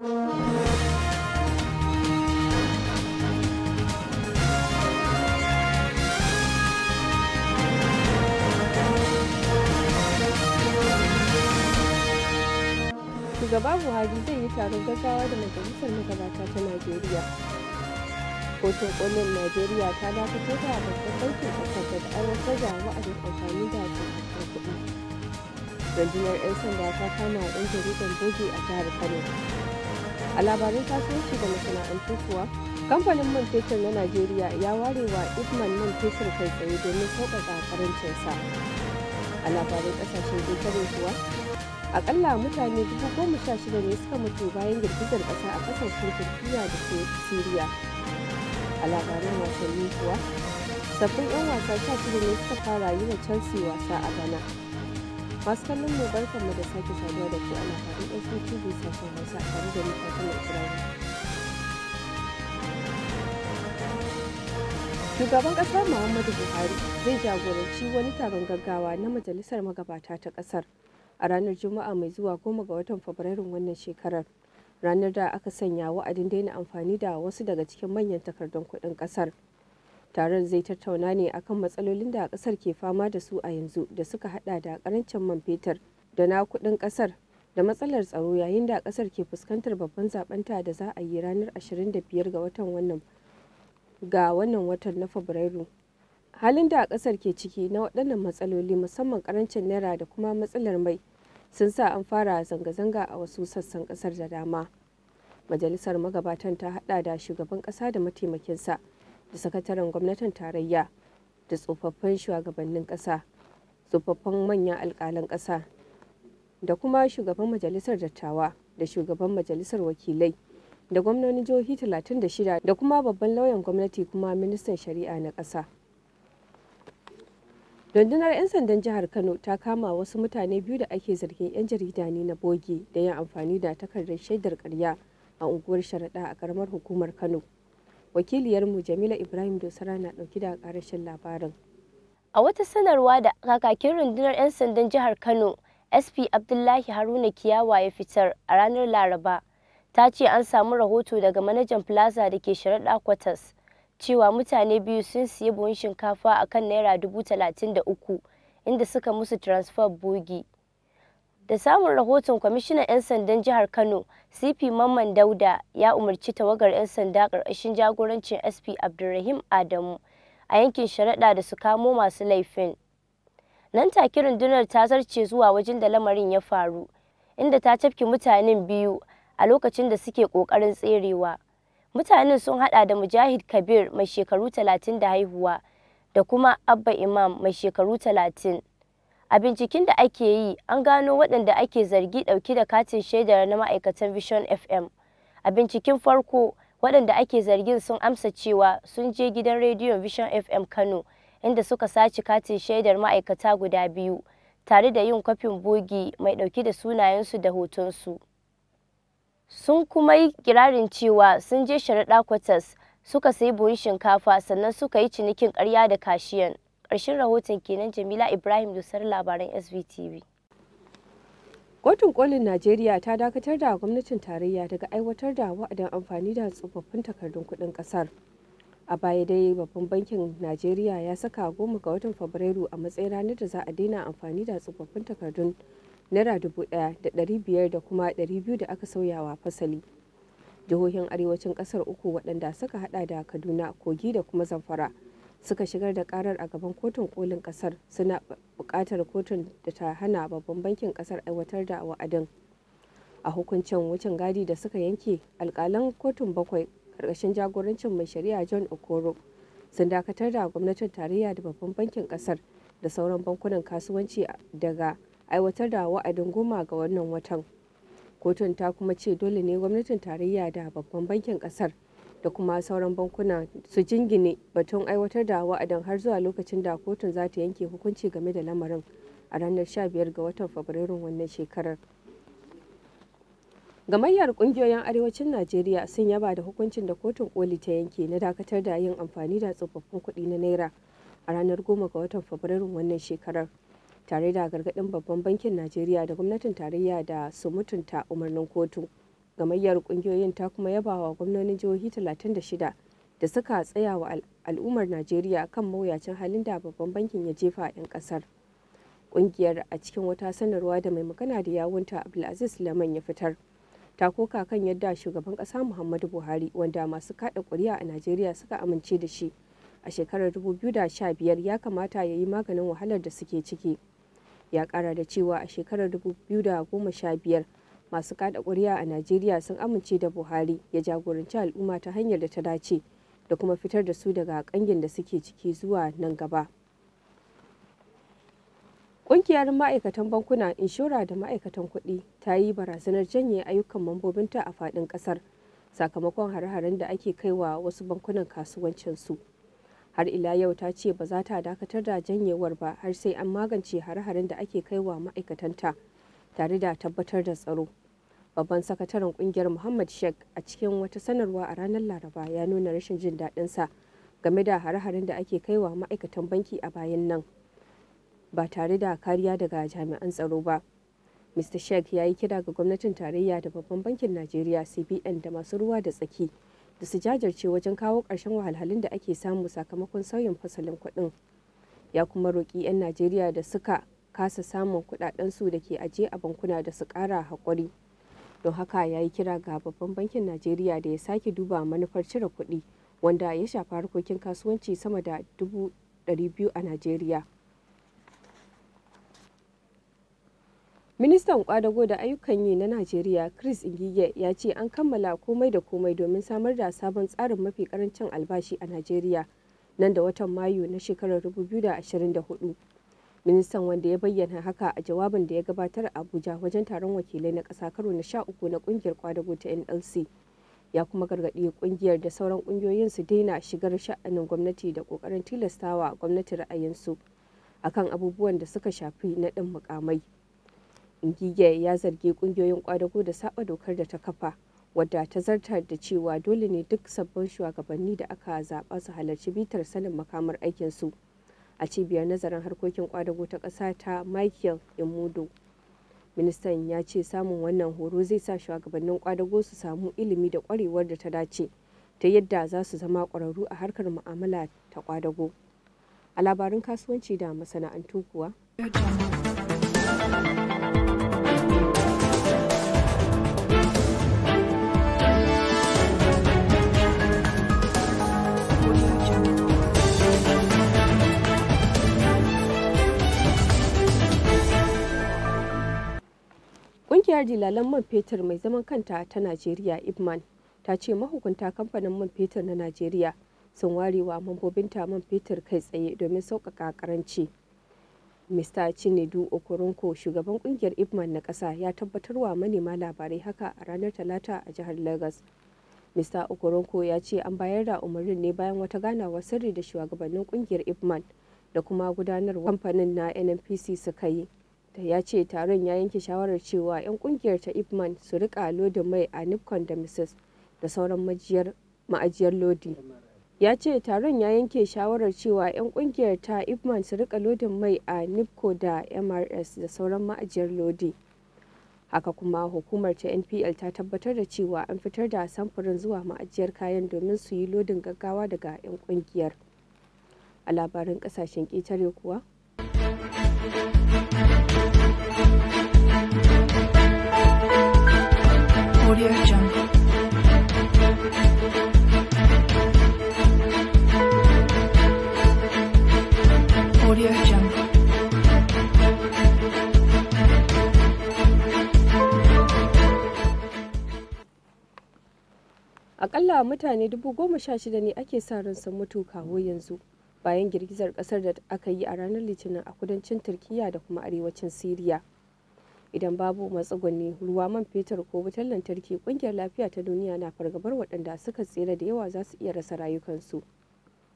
shugaba buhari zai yi taron gaggawa da majalisar magabata ta najeriya kotun kolin najeriya ta dakatar da babban bankin kasar da aiwatar da wa'adin amfani da tsofaffin kuɗi rundunar 'yan sanda ta kama 'yan jaridan boge a jihar kano a labarin kasuwanci da masana'antu kuwa kamfanin man fetur na najeriya ya ware wa idman man fetur kai tsaye domin sauƙaƙa sa a labarin ƙasashen ƙetare kuwa akalla mutane dubu goma sha shida ne suka mutu bayan girgizar ƙasa a ƙasashen turkiya da siriya a labarin wasanni kuwa sabbin 'yan wasa sha shida ne suka fara yi wa chelsea wasa a bana masu kallon mu barkan mu da sake saduwa da ku ana faɗin ɗan tv sashen hausa a tare da mutanen turai. shugaban ƙasar muhammadu buhari zai jagoranci wani taron gaggawa na majalisar magabata ta ƙasar a ranar juma'a mai zuwa goma ga watan fabrairun wannan shekarar ranar da aka sanya wa'adin daina amfani da wasu daga cikin manyan takardun kuɗin ƙasar taron zai tattauna ne akan matsalolin da kasar ke fama da su a yanzu da suka hada da karancin man fetur da na kudin kasar da matsalar tsaro yayin da kasar ke fuskantar babban zaben ta da za a yi ranar 25 ga watan wannan ga wannan watan na fabrairu halin da kasar ke ciki na waɗannan matsaloli musamman karancin naira da kuma matsalar mai sun sa an fara zanga-zanga a wasu sassan kasar da dama majalisar magabatan ta hada da shugaban kasa da mataimakinsa da sakataren gwamnatin tarayya da tsofaffin shugabannin ƙasa tsofaffin manyan alƙalan ƙasa da kuma shugaban majalisar dattawa da shugaban majalisar wakilai da gwamnonin jihohi 36 da kuma babban lauyan gwamnati kuma ministan shari'a na ƙasa. rundunar 'yan sandan jihar kano ta kama wasu mutane biyu da ake zargin 'yan jarida ne na bogi da yin amfani da takardar shaidar karya a unguwar sharaɗa a karamar hukumar kano wakiliyarmu jamila ibrahim dosara na dauki da karashin labarin a wata sanarwa da kakakin rundunar 'yan sandan jihar kano sp abdullahi haruna kiyawa ya fitar a ranar laraba ta ce an samu rahoto daga manajan plaza da ke sharaɗa kwatas cewa mutane biyu sun siya buhun shinkafa a kan naira dubu talatin da uku inda suka musu transfer bogi da samun rahoton kwamishinan 'yan sandan jihar kano cp mamman dauda ya umarci tawagar 'yan sanda karkashin jagorancin sp abdulrahim adamu a yankin sharaɗa da su kamo masu laifin nan take rundunar ta zarce zuwa wajen da lamarin ya faru inda ta cafke mutanen biyu a lokacin da suke ƙoƙarin tserewa mutanen sun hada da mujahid kabir mai shekaru talatin da haihuwa da kuma abba imam mai shekaru talatin A binciken da ake yi, an gano waɗanda ake zargi ɗauki da katin shaidar na ma'aikatan Vision FM. A binciken farko, waɗanda ake zargin sun amsa cewa sun je gidan rediyon Vision FM Kano, inda suka sace katin shaidar ma'aikata guda biyu, tare da yin kwafin bogi mai ɗauki da sunayensu da hotonsu. Sun kuma yi kirarin cewa sun je sharaɗa kwatas, suka sayi buhun shinkafa sannan suka yi cinikin ƙarya da kashiyan. Ƙarshen rahoton kenan Jamila Ibrahim Dusar labaran SVTV. Kotun kolin Najeriya ta dakatar da gwamnatin tarayya daga aiwatar da wa'adin amfani da tsofaffin takardun kuɗin ƙasar. A baya dai babban bankin Najeriya ya saka goma ga watan Fabrairu a matsayin ranar da za a daina amfani da tsofaffin takardun naira dubu ɗaya da ɗari biyar da kuma dari biyu da aka sauyawa fasali. Jihohin arewacin ƙasar uku waɗanda suka haɗa da Kaduna, Kogi da kuma Zamfara. suka shigar da karar a gaban kotun kolin kasar suna bukatar kotun da ta hana babban bankin kasar aiwatar da wa'adin a hukuncin wucin gadi da suka yanke alkalan kotun bakwai karkashin jagorancin mai shari'a john okoro sun dakatar da gwamnatin tarayya da babban bankin kasar da sauran bankunan kasuwanci daga aiwatar da wa'adin goma ga wannan watan kotun ta kuma ce dole ne gwamnatin tarayya da babban bankin kasar da kuma sauran bankuna su jingine batun aiwatar da wa'adin har zuwa lokacin da kotun za ta yanke hukunci game da lamarin a ranar 15 ga watan fabrairun wannan shekarar gamayyar kungiyoyin arewacin najeriya sun yaba da hukuncin da kotun koli ta yanke na dakatar da yin amfani da tsofaffin kuɗi na naira a ranar 10 ga watan fabrairun wannan shekarar tare da gargaɗin babban bankin najeriya da gwamnatin tarayya da su mutunta umarnin kotu. gamayyar kungiyoyin ta kuma yabawa gwamnonin jihohi 36 da suka tsaya wa al'ummar najeriya kan mawuyacin halin da babban bankin ya jefa a 'yan kasar kungiyar a cikin wata sanarwa da mai magana da yawunta abdulaziz laman ya fitar ta koka kan yadda shugaban kasa muhammadu buhari wanda masu kada kuri'a a najeriya suka amince da shi a shekarar 2015 ya kamata ya yi maganin wahalar da suke ciki ya kara da cewa a shekarar 2015 masu kada kuri'a a najeriya sun amince da buhari ya jagoranci al'umma ta hanyar da ta dace da kuma fitar da su daga kangin da suke ciki zuwa nan gaba Ƙungiyar ma'aikatan bankuna inshora da ma'aikatan kuɗi ta yi barazanar janye ayyukan mambobinta a faɗin ƙasar sakamakon hare-haren da ake kaiwa wasu bankunan kasuwancinsu. Har ila yau ta ce ba za ta dakatar da janyewar ba har sai an magance hare-haren da ake kaiwa ma'aikatanta tare da tabbatar da tsaro. babban sakataren kungiyar muhammad sheikh a cikin wata sanarwa a ranar laraba ya nuna rashin jin daɗinsa game da hare-haren da ake kai wa ma'aikatan banki a bayan nan ba tare da kariya daga jami'an tsaro ba mr sheikh ya yi kira ga gwamnatin tarayya da babban bankin najeriya cbn da masu ruwa da tsaki da su jajirce wajen kawo ƙarshen wahalhalun da ake samu sakamakon sauyin fasalin kuɗin ya kuma roƙi 'yan najeriya da suka kasa samun kuɗaɗensu da ke ajiye a bankuna da su ƙara haƙuri don haka ya yi kira ga babban bankin najeriya da ya sake duba manufar cire kuɗi wanda ya shafa harkokin kasuwanci sama da 200 a najeriya ministan kwadago da ayyukan yi na najeriya chris ingige ya ce an kammala komai da komai domin samar da sabon tsarin mafi karancin albashi a najeriya nan da watan mayu na shekarar 2024 ministan wanda ya bayyana haka a jawabin da ya gabatar a abuja wajen taron wakilai na ƙasa karo na sha uku na ƙungiyar kwadago ta nlc ya kuma gargaɗi ƙungiyar da sauran ƙungiyoyin su daina shigar sha'anin gwamnati da ƙoƙarin tilastawa gwamnati ra'ayinsu akan abubuwan da suka shafi naɗin mukamai ngige ya zargi ƙungiyoyin kwadago da saba dokar da ta kafa wadda ta zartar da cewa dole ne duk sabbin shugabanni da aka zaɓa su halarci bitar sanin makamar aikinsu. su a cibiyar nazarin harkokin kwadago ta ƙasa ta michael imudu ministan ya ce samun wannan horo zai sa shugabannin kwadago su samu ilimi da kwarewar da ta dace ta yadda za su zama kwararru a harkar mu'amala ta kwadago a labarin kasuwanci da masana'antu kuwa jihar dilalan man fetur mai zaman kanta ta Najeriya Ibman ta ce mahukunta kamfanin man fetur na Najeriya sun warewa mambobinta man fetur kai tsaye domin sauƙaƙa karanci. Mr. Chinedu Okoronko shugaban kungiyar Ibman na ƙasa ya tabbatar wa manema labarai haka a ranar Talata a jihar Lagos. Mr. Okoronko ya ce an bayar da umarnin ne bayan wata ganawa sirri da shugabannin kungiyar Ibman da kuma gudanarwa kamfanin na NNPC suka yi. ya ce taron ya yanke shawarar cewa 'yan kungiyar ta ipman su rika lodin mai a nipcon da mrs da sauran ma'ajiyar lodi ya ce taron ya yanke shawarar cewa 'yan kungiyar ta ipman su rika lodin mai a nipco da mrs da sauran ma'ajiyar lodi haka kuma hukumar ta npl ta tabbatar da cewa an fitar da samfurin zuwa ma'ajiyar kayan domin su yi lodin gaggawa daga 'yan kungiyar a labarin kasashen ƙetare kuwa mutane dubu goma sha shida ne ake sa ran sun mutu kawo yanzu bayan girgizar kasar da aka yi a ranar litinin a kudancin turkiya da kuma arewacin siriya idan babu matsugunni ruwa man fetur ko wutar lantarki kungiyar lafiya ta duniya na fargabar waɗanda suka tsira da yawa za su iya rasa rayukansu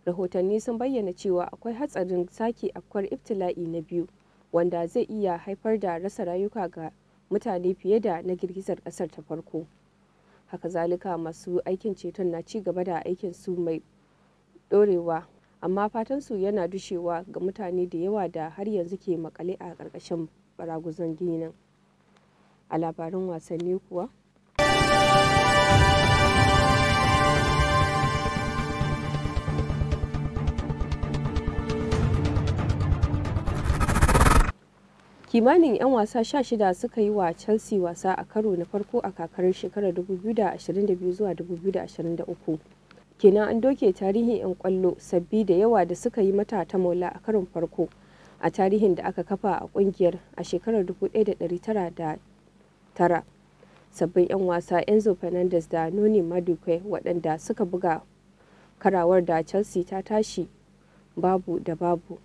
rahotanni sun bayyana cewa akwai hatsarin sake akwar iftila'i na biyu wanda zai iya haifar da rasa rayuka ga mutane fiye da na girgizar kasar ta farko haka zalika masu aikin ceton na ci gaba da aikin su mai dorewa amma fatan su yana dushewa ga mutane da yawa da har yanzu ke makale a ƙarƙashin baraguzan ginin a labarin wasanni kuwa kimanin 'yan wasa 16 suka yi wa chelsea wasa a karo na farko a kakar shekarar 2022 zuwa 2023 kenan an doke tarihin 'yan kwallo sabbi da yawa da suka yi mata ta maula a karon farko a tarihin da aka kafa a kungiyar a shekarar 1909 sabbin 'yan wasa enzo fernandez da noni maduke waɗanda suka buga karawar da chelsea ta tashi babu da babu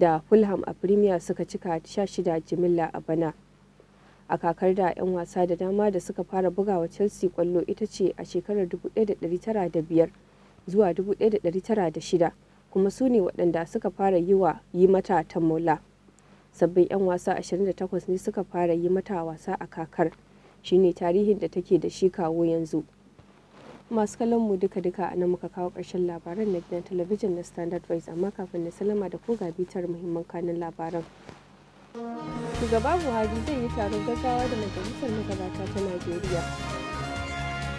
da fulham a premier suka cika 16 jimilla a bana a kakar da 'yan wasa da dama da suka fara bugawa chelsea kwallo ita ce a shekarar 1905 zuwa 1906 kuma su ne waɗanda suka fara yi wa yi mata ta mola sabbin 'yan wasa 28 ne suka fara yi mata wasa a kakar shine tarihin da take da shi kawo yanzu masu kallon mu duka duka a nan muka kawo ƙarshen labaran na gidan talabijin na standard voice amma kafin na salama da ko ga bitar muhimman kanin labaran shugaba buhari zai yi taron gaggawa da majalisar magabata ta najeriya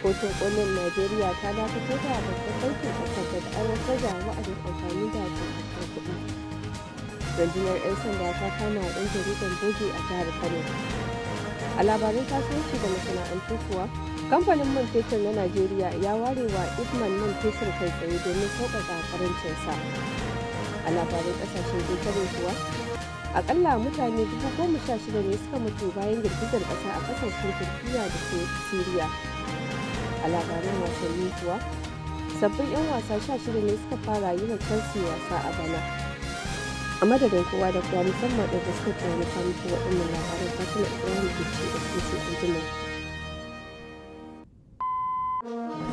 kotun kolin najeriya ta dakatar da babban bankin kasar da aiwatar da wa'adin amfani da tsofaffin kuɗi rundunar 'yan sanda ta kama ɗan jaridar boge a jihar kano a labarin kasuwanci da masana'antu kuwa kamfanin man fetur na najeriya ya ware wa idman man fetur kai tsaye domin sauƙaƙa karancinsa a labarin ƙasashen ƙetare kuwa akalla mutane dubu goma sha shida ne suka mutu bayan girgizar ƙasa a ƙasashen turkiya da siriya a labarin wasanni kuwa sabbin 'yan wasa sha shida ne suka fara yi wa chelsea wasa a bana a madadin kowa da kowa musamman da suka tsaye kwamfi waɗannan labarin ɗaya da ke ce da kusa injinin Música